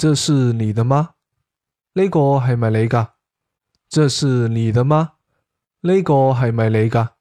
這是你的嗎？呢個係咪你噶？這是你的嗎？呢個係咪你噶？